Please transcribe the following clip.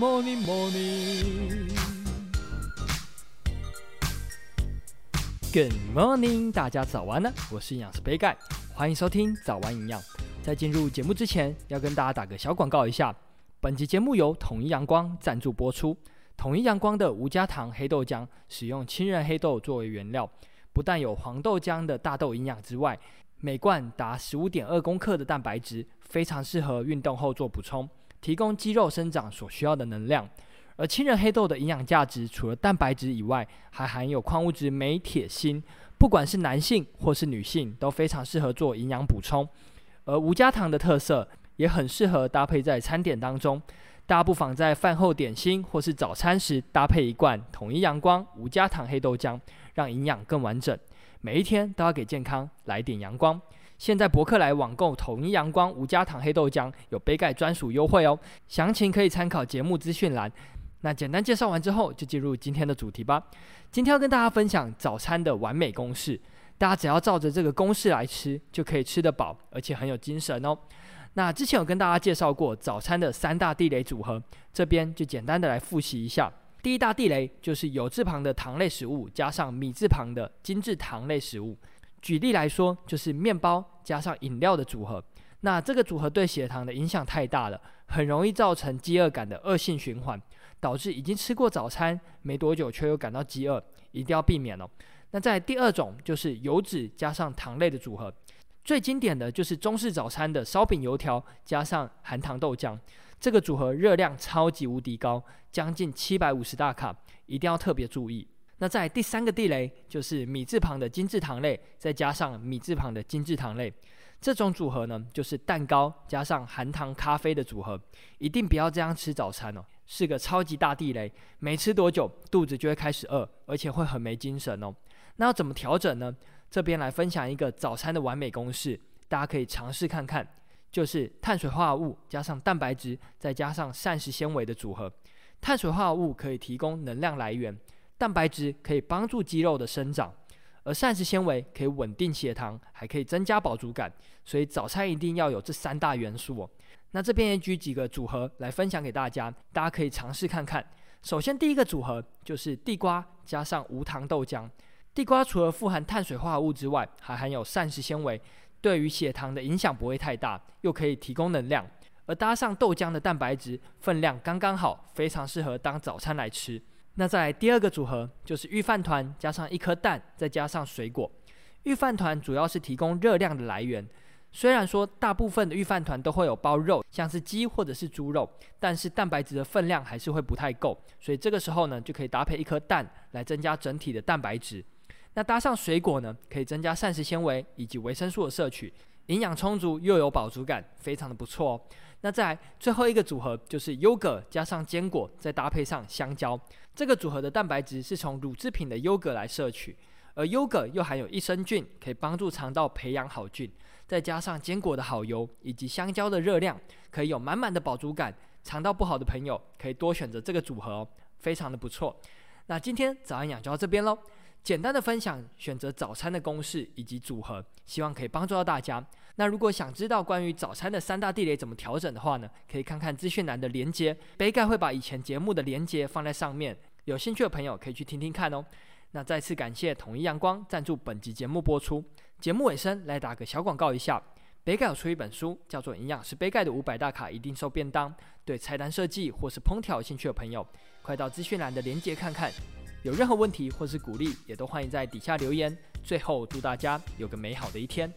Morning, morning. Good morning，大家早安呢！我是營養師杯蓋，歡迎收聽早安營養。在進入節目之前，要跟大家打個小廣告一下。本集節目由統一陽光贊助播出。統一陽光的無加糖黑豆漿，使用青仁黑豆作為原料，不但有黃豆漿的大豆營養之外，每罐達十五點二公克的蛋白質，非常適合運動後做補充。提供肌肉生長所需要的能量，而青仁黑豆的營養價值除了蛋白質以外，還含有礦物質鎂、鐵、鋅。不管是男性或是女性，都非常適合做營養補充。而無加糖的特色，也很適合搭配在餐點當中。大家不妨在飯後點心或是早餐時，搭配一罐統一陽光無加糖黑豆漿，讓營養更完整。每一天都要給健康來點陽光。現在博客來網購統一陽光無加糖黑豆漿，有杯蓋專屬優惠哦。詳情可以參考節目資訊欄。那簡單介紹完之後，就進入今天的主題吧。今天要跟大家分享早餐的完美公式，大家只要照着這個公式來吃，就可以吃得飽，而且很有精神哦。那之前有跟大家介紹過早餐的三大地雷組合，這邊就簡單的來複習一下。第一大地雷就是酉字旁的糖類食物，加上米字旁的精製糖類食物。舉例來說，就是麵包加上飲料的組合，那這個組合對血糖的影響太大了，很容易造成飢餓感的惡性循環，導致已經吃過早餐沒多久卻又感到飢餓，一定要避免了哦。那在第二種就是油脂加上糖類的組合，最經典的就是中式早餐的燒餅油條加上含糖豆漿。這個組合熱量超級無敵高，將近七百五十大卡，一定要特別注意。那在第三個地雷就是米字旁的精製糖類，再加上米字旁的精製糖類，這種組合呢，就是蛋糕加上含糖咖啡的組合，一定不要這樣吃早餐哦，是個超級大地雷，沒吃多久肚子就會開始餓，而且會很沒精神哦。那要怎麼調整呢？這邊來分享一個早餐的完美公式，大家可以嘗試看看，就是碳水化合物加上蛋白質，再加上膳食纖維的組合，碳水化合物可以提供能量來源。蛋白質可以幫助肌肉的生長，而膳食纖維可以穩定血糖，還可以增加飽足感，所以早餐一定要有這三大元素哦。那這邊也舉幾個組合來分享給大家，大家可以嘗試看看。首先，第一個組合就是地瓜加上無糖豆漿。地瓜除了富含碳水化合物之外，還含有膳食纖維，對於血糖的影響不會太大，又可以提供能量。而搭上豆漿的蛋白質，分量剛剛好，非常適合當早餐來吃。那在第二個組合，就是御飯糰加上一顆蛋，再加上水果。御飯糰主要是提供熱量的來源，雖然說大部分的御飯糰都會有包肉，像是雞或者是豬肉，但是蛋白質的分量還是會不太夠，所以這個時候呢，就可以搭配一顆蛋來增加整體的蛋白質。那搭上水果呢，可以增加膳食纖維以及維生素的攝取。營養充足又有飽足感，非常的不錯哦。那再來最後一個組合，就是優格加上堅果，再搭配上香蕉。這個組合的蛋白質是從乳制品的優格來攝取，而優格又含有益生菌，可以幫助腸道培養好菌。再加上堅果的好油以及香蕉的熱量，可以有滿滿的飽足感。腸道不好的朋友可以多選擇這個組合哦，非常的不錯。那今天早安養就到這邊嘍。簡單的分享選擇早餐的公式以及組合，希望可以幫助到大家。那如果想知道關於早餐的三大地雷怎麼調整的話呢？可以看看資訊欄的連接，杯蓋會把以前節目的連接放在上面。有興趣的朋友可以去聽聽看哦。那再次感謝統一陽光贊助本集節目播出。節目尾聲來打個小廣告一下，杯蓋有出一本書叫做《營養師杯蓋的五百大卡一定瘦便當》，對菜單設計或是烹調有興趣的朋友，快到資訊欄的連接看看。有任何問題或是鼓勵，也都歡迎在底下留言。最後，祝大家有個美好的一天。